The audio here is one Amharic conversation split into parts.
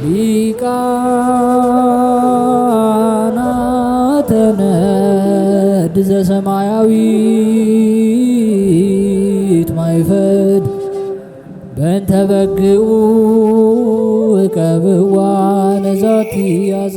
ሊቃናተ ነድ ዘሰማያዊት ማይፈድ በእንተ በግኡ እቀብዋ ነዛቲ ያዘ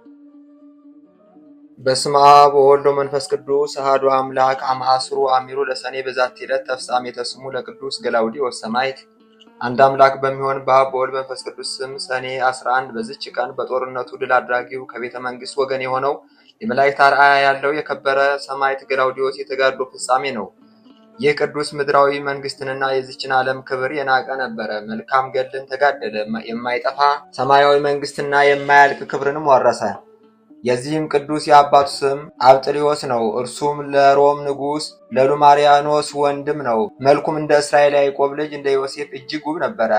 በስመ አብ ወወልድ ወመንፈስ ቅዱስ አሐዱ አምላክ አማሃስሩ አሚሩ ለሰኔ በዛቲ ዕለት ተፍጻሜተ ስሙ ለቅዱስ ገላውዴዎስ ሰማዕት። አንድ አምላክ በሚሆን በአብ በወልድ መንፈስ ቅዱስ ስም ሰኔ 11 በዚች ቀን በጦርነቱ ድል አድራጊው ከቤተ መንግስት ወገን የሆነው የመላእክት አርአያ ያለው የከበረ ሰማዕት ገላውዴዎስ የተጋድሎ ፍጻሜ ነው። ይህ ቅዱስ ምድራዊ መንግስትንና የዚችን ዓለም ክብር የናቀ ነበረ። መልካም ገድልን ተጋደለ። የማይጠፋ ሰማያዊ መንግስትና የማያልቅ ክብርንም ወረሰ። የዚህም ቅዱስ የአባቱ ስም አብጥሊዮስ ነው። እርሱም ለሮም ንጉሥ ለሉማሪያኖስ ወንድም ነው። መልኩም እንደ እስራኤል ያዕቆብ ልጅ እንደ ዮሴፍ እጅግ ውብ ነበረ።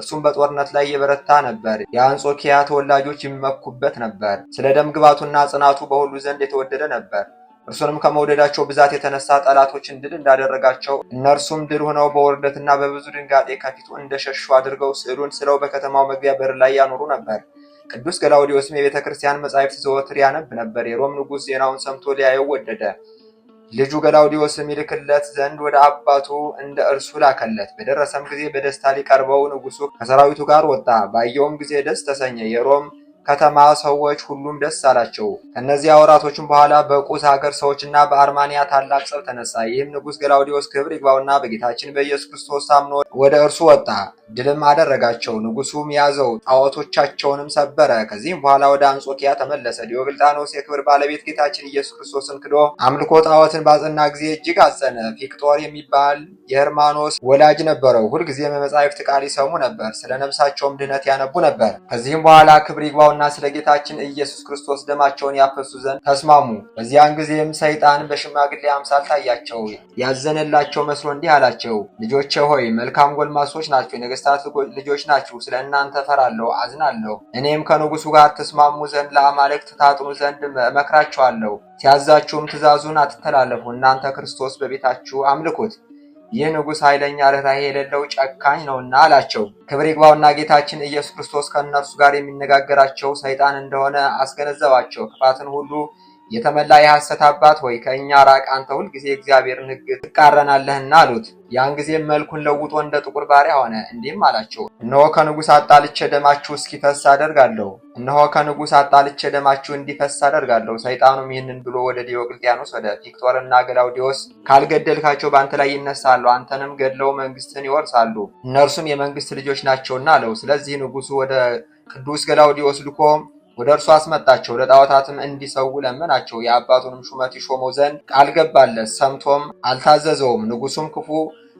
እርሱም በጦርነት ላይ የበረታ ነበር። የአንጾኪያ ተወላጆች ይመኩበት ነበር። ስለ ደም ግባቱና ጽናቱ በሁሉ ዘንድ የተወደደ ነበር። እርሱንም ከመውደዳቸው ብዛት የተነሳ ጠላቶችን ድል እንዳደረጋቸው እነርሱም ድል ሆነው በውርደትና በብዙ ድንጋጤ ከፊቱ እንደሸሹ አድርገው ስዕሉን ስለው በከተማው መግቢያ በር ላይ ያኖሩ ነበር። ቅዱስ ገላውዲዮስም የቤተ ክርስቲያን መጻሕፍት ዘወትር ያነብ ነበር። የሮም ንጉሥ ዜናውን ሰምቶ ሊያየው ወደደ። ልጁ ገላውዲዮስም ይልክለት ዘንድ ወደ አባቱ እንደ እርሱ ላከለት። በደረሰም ጊዜ በደስታ ሊቀርበው ንጉሡ ከሰራዊቱ ጋር ወጣ። ባየውም ጊዜ ደስ ተሰኘ። የሮም ከተማ ሰዎች ሁሉም ደስ አላቸው። ከእነዚህ ወራቶችም በኋላ በቁስ ሀገር ሰዎችና በአርማንያ ታላቅ ጸብ ተነሳ። ይህም ንጉሥ ገላውዲዮስ ክብር ይግባውና በጌታችን በኢየሱስ ክርስቶስ ታምኖ ወደ እርሱ ወጣ፣ ድልም አደረጋቸው። ንጉሱም ያዘው፣ ጣዖቶቻቸውንም ሰበረ። ከዚህም በኋላ ወደ አንጾኪያ ተመለሰ። ዲዮግልጣኖስ የክብር ባለቤት ጌታችን ኢየሱስ ክርስቶስን ክዶ አምልኮ ጣዖትን ባጸና ጊዜ እጅግ አጸነ። ፊቅጦር የሚባል የህርማኖስ ወላጅ ነበረው። ሁልጊዜ መጻሕፍት ቃል ይሰሙ ነበር፣ ስለ ነብሳቸውም ድህነት ያነቡ ነበር። ከዚህም በኋላ ክብር ይግባው ስጋውና ስለ ጌታችን ኢየሱስ ክርስቶስ ደማቸውን ያፈሱ ዘንድ ተስማሙ። በዚያን ጊዜም ሰይጣን በሽማግሌ አምሳል ታያቸው፣ ያዘነላቸው መስሎ እንዲህ አላቸው፣ ልጆቼ ሆይ መልካም ጎልማሶች ናቸው፣ የነገስታት ልጆች ናችሁ። ስለ እናንተ ፈራለሁ፣ አዝናለሁ። እኔም ከንጉሱ ጋር ትስማሙ ዘንድ ለአማልክት ታጥኑ ዘንድ እመክራችኋለሁ። ሲያዛችሁም ትእዛዙን አትተላለፉ። እናንተ ክርስቶስ በቤታችሁ አምልኩት። ይህ ንጉሥ ኃይለኛ ርኅራኄ የሌለው ጨካኝ ነውና አላቸው። ክብር ይግባውና ጌታችን ኢየሱስ ክርስቶስ ከእነርሱ ጋር የሚነጋገራቸው ሰይጣን እንደሆነ አስገነዘባቸው። ክፋትን ሁሉ የተመላ የሐሰት አባት ሆይ ከእኛ ራቅ፣ አንተ ጊዜ እግዚአብሔርን ሕግ ትቃረናለህና አሉት። ያን ጊዜም መልኩን ለውጦ እንደ ጥቁር ባሪያ ሆነ። እንዲህም አላቸው፣ እነሆ ከንጉሥ አጣልቼ ደማችሁ እስኪፈስ አደርጋለሁ። እነሆ ከንጉሥ አጣልቼ ደማችሁ እንዲፈስ አደርጋለሁ። ሰይጣኑም ይህንን ብሎ ወደ ዲዮቅልጥያኖስ ወደ ፊክቶርና ገላውዲዮስ ካልገደልካቸው በአንተ ላይ ይነሳሉ፣ አንተንም ገድለው መንግሥትን ይወርሳሉ፣ እነርሱም የመንግሥት ልጆች ናቸውና አለው። ስለዚህ ንጉሡ ወደ ቅዱስ ገላውዲዮስ ልኮ ወደ እርሱ አስመጣቸው። ለጣዖታትም እንዲሰዉ ለመናቸው። የአባቱንም ሹመት ይሾመው ዘንድ ቃል ገባለት፣ ሰምቶም አልታዘዘውም። ንጉሱም ክፉ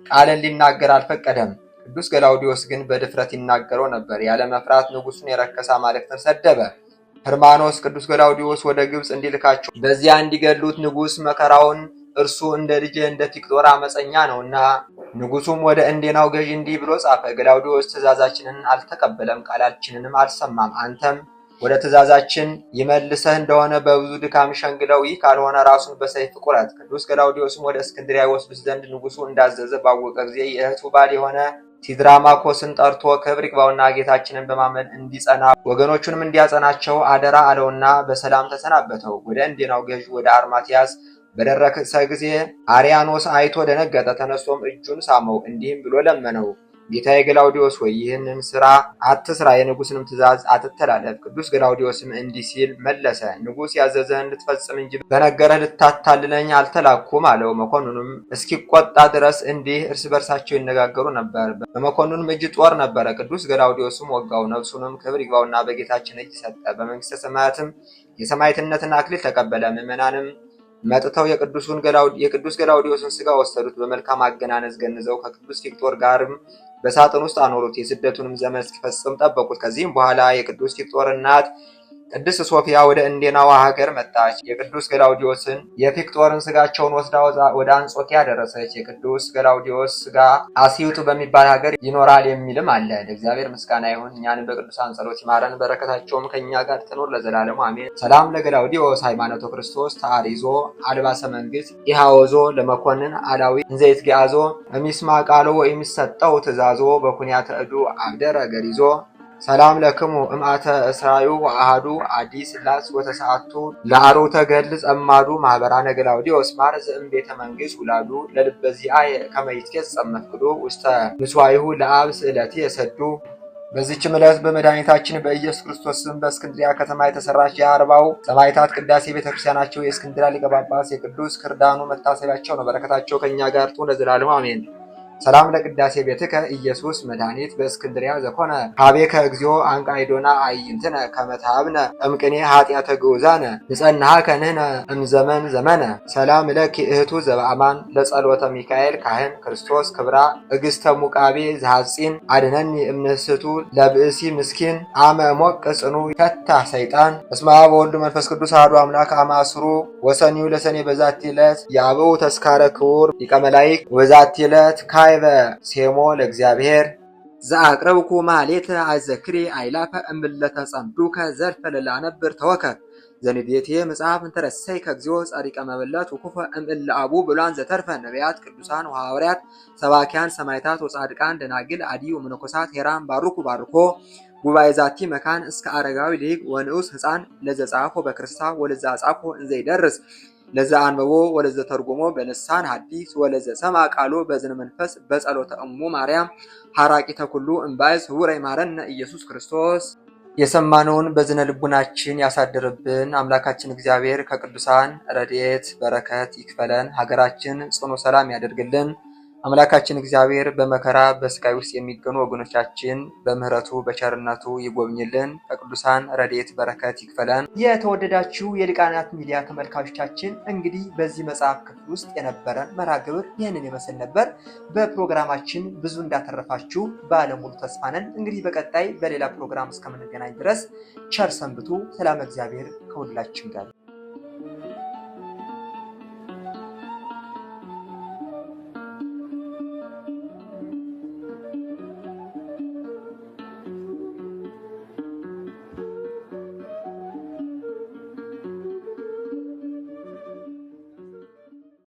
ቃልን ሊናገር አልፈቀደም። ቅዱስ ገላውዲዮስ ግን በድፍረት ይናገረው ነበር። ያለ መፍራት ንጉሱን የረከሰ አማልክትን ሰደበ። ህርማኖስ ቅዱስ ገላውዲዮስ ወደ ግብፅ እንዲልካቸው በዚያ እንዲገሉት ንጉስ መከራውን እርሱ እንደ ልጅ እንደ ፊቅጦር አመፀኛ ነውና። ንጉሱም ወደ እንዴናው ገዢ እንዲህ ብሎ ጻፈ። ገላውዲዮስ ትእዛዛችንን አልተቀበለም፣ ቃላችንንም አልሰማም። አንተም ወደ ትእዛዛችን ይመልሰህ እንደሆነ በብዙ ድካም ሸንግለው፣ ይህ ካልሆነ ራሱን በሰይፍ ቁረጥ። ቅዱስ ገላውዲዮስም ወደ እስክንድሪያ ይወስዱት ዘንድ ንጉሱ እንዳዘዘ ባወቀ ጊዜ የእህቱ ባል የሆነ ሲድራማኮስን ጠርቶ ክብር ይግባውና ጌታችንን በማመን እንዲጸና ወገኖቹንም እንዲያጸናቸው አደራ አለውና በሰላም ተሰናበተው። ወደ እንዴናው ገዥ ወደ አርማትያስ በደረሰ ጊዜ አሪያኖስ አይቶ ደነገጠ። ተነስቶም እጁን ሳመው፣ እንዲህም ብሎ ለመነው ጌታዬ ገላውዲዮስ ወይ ይህንን ስራ አትስራ፣ የንጉስንም ትእዛዝ አትተላለፍ። ቅዱስ ገላውዲዮስም እንዲህ ሲል መለሰ፣ ንጉስ ያዘዘህን ልትፈጽም እንጂ በነገረህ ልታታልለኝ አልተላኩም አለው። መኮንኑም እስኪቆጣ ድረስ እንዲህ እርስ በርሳቸው ይነጋገሩ ነበር። በመኮንኑም እጅ ጦር ነበረ። ቅዱስ ገላውዲዮስም ወጋው። ነፍሱንም ክብር ይግባውና በጌታችን እጅ ሰጠ። በመንግስተ ሰማያትም የሰማዕትነትን አክሊል ተቀበለ። ምዕመናንም መጥተው የቅዱስ ገላውዲዮስን ስጋ ወሰዱት፣ በመልካም አገናነዝ ገንዘው ከቅዱስ ቪክቶር ጋርም በሳጥን ውስጥ አኖሩት። የስደቱንም ዘመን እስኪፈጽም ጠበቁት። ከዚህም በኋላ የቅዱስ ቪክቶር እናት ቅድስት ሶፊያ ወደ እንዴናዋ ሀገር መጣች። የቅዱስ ገላውዲዮስን የፊክጦርን ስጋቸውን ወስዳ ወደ አንጾኪያ ደረሰች። የቅዱስ ገላውዲዮስ ስጋ አሲዩጡ በሚባል ሀገር ይኖራል የሚልም አለ። ለእግዚአብሔር ምስጋና ይሁን። እኛንም በቅዱሳን ጸሎት ይማረን፣ በረከታቸውም ከእኛ ጋር ትኖር ለዘላለሙ አሜን። ሰላም ለገላውዲዮስ ሃይማኖቶ ክርስቶስ ተአሪዞ አልባሰ መንግስት ኢሃወዞ ለመኮንን አላዊ እንዘይት ጊያዞ በሚስማ ቃሎ የሚሰጠው ትእዛዞ በኩንያተ እዱ አብደረ ገሪዞ ሰላም ለክሙ እምአተ እስራዩ ወአሃዱ አዲ ስላስ ወተሰዓቱ ለአሮ ገድል ጸማዱ ማህበራ ነገላውዲዮስ ማር ዝእም ቤተ መንግስት ውላዱ ለልበዚአ ከመይትኬስ ጸመትክዶ ውስተ ንስዋይሁ ለአብ ስዕለት የሰዱ በዚች ዕለት በመድኃኒታችን በኢየሱስ ክርስቶስ ስም በእስክንድሪያ ከተማ የተሰራች የአርባው ሰማዕታት ቅዳሴ ቤተክርስቲያናቸው የእስክንድሪያ ሊቀ ጳጳስ የቅዱስ ክርዳኑ መታሰቢያቸው ነው። በረከታቸው ከእኛ ጋር ጡ ለዘላለሙ አሜን። ሰላም ለቅዳሴ ቤትከ ኢየሱስ መድኃኒት በእስክንድሪያ ዘኮነ ሀቤከ እግዚኦ አንቃይዶና አይንትነ ከመታብነ እምቅኔ ኃጢአተ ግውዛነ ንጸናሃ ከንህነ እምዘመን ዘመነ ሰላም ለኪ እህቱ ዘበአማን ለጸሎተ ሚካኤል ካህን ክርስቶስ ክብራ እግስተ ሙቃቤ ዘሐጺን አድነኒ እምንስቱ ለብእሲ ምስኪን አመ ሞቅ ጽኑ ከታ ሰይጣን እስማ በወልዱ መንፈስ ቅዱስ አሐዱ አምላክ አማስሩ ወሰኒው ለሰኔ በዛቲ ዕለት የአበው ተስካረ ክቡር ሊቀ መላእክት በዛቲ ዕለት ካይ አርካይበ ሴሞ ለእግዚአብሔር ዘአቅረብኩ ማሌተ አዘክሪ አይላፈ እምለተ ጸምዱከ ዘልፈ ለላነብር ተወከ ዘንዴቴ መጽሐፍ እንተረሰይ ከእግዚኦ ጸሪቀ መበለት ውኩፈ እምእለ አቡ ብሏን ዘተርፈ ነቢያት ቅዱሳን ወሐዋርያት ሰባኪያን ሰማይታት ወጻድቃን ደናግል አዲው መነኮሳት ሄራን ባርኩ ባርኮ ጉባኤ ዛቲ መካን እስከ አረጋዊ ሊግ ወንዑስ ህፃን ለዘጻፎ በክርስታ ወለዛ ጻፎ እንዘይደርስ ለዘ አንበቦ ወለዘ ተርጎሞ በልሳን ሐዲስ ወለዘ ሰማ ቃሎ በዝነ መንፈስ በጸሎተ እሙ ማርያም ሐራቂ ተኩሉ እምባይስ ውራይ ማረነ ኢየሱስ ክርስቶስ። የሰማነውን በዝነ ልቡናችን ያሳድርብን። አምላካችን እግዚአብሔር ከቅዱሳን ረድኤት በረከት ይክፈለን። ሀገራችን ጽኑ ሰላም ያደርግልን። አምላካችን እግዚአብሔር በመከራ በስቃይ ውስጥ የሚገኙ ወገኖቻችን በምህረቱ በቸርነቱ ይጎብኝልን፣ ከቅዱሳን ረድኤት በረከት ይክፈለን። የተወደዳችሁ የልቃናት ሚዲያ ተመልካቾቻችን እንግዲህ በዚህ መጽሐፍ ክፍል ውስጥ የነበረን መራግብር ግብር ይህንን ይመስል ነበር። በፕሮግራማችን ብዙ እንዳተረፋችሁ ባለሙሉ ተስፋ ነን። እንግዲህ በቀጣይ በሌላ ፕሮግራም እስከምንገናኝ ድረስ ቸር ሰንብቱ። ሰላም እግዚአብሔር ከሁላችን ጋር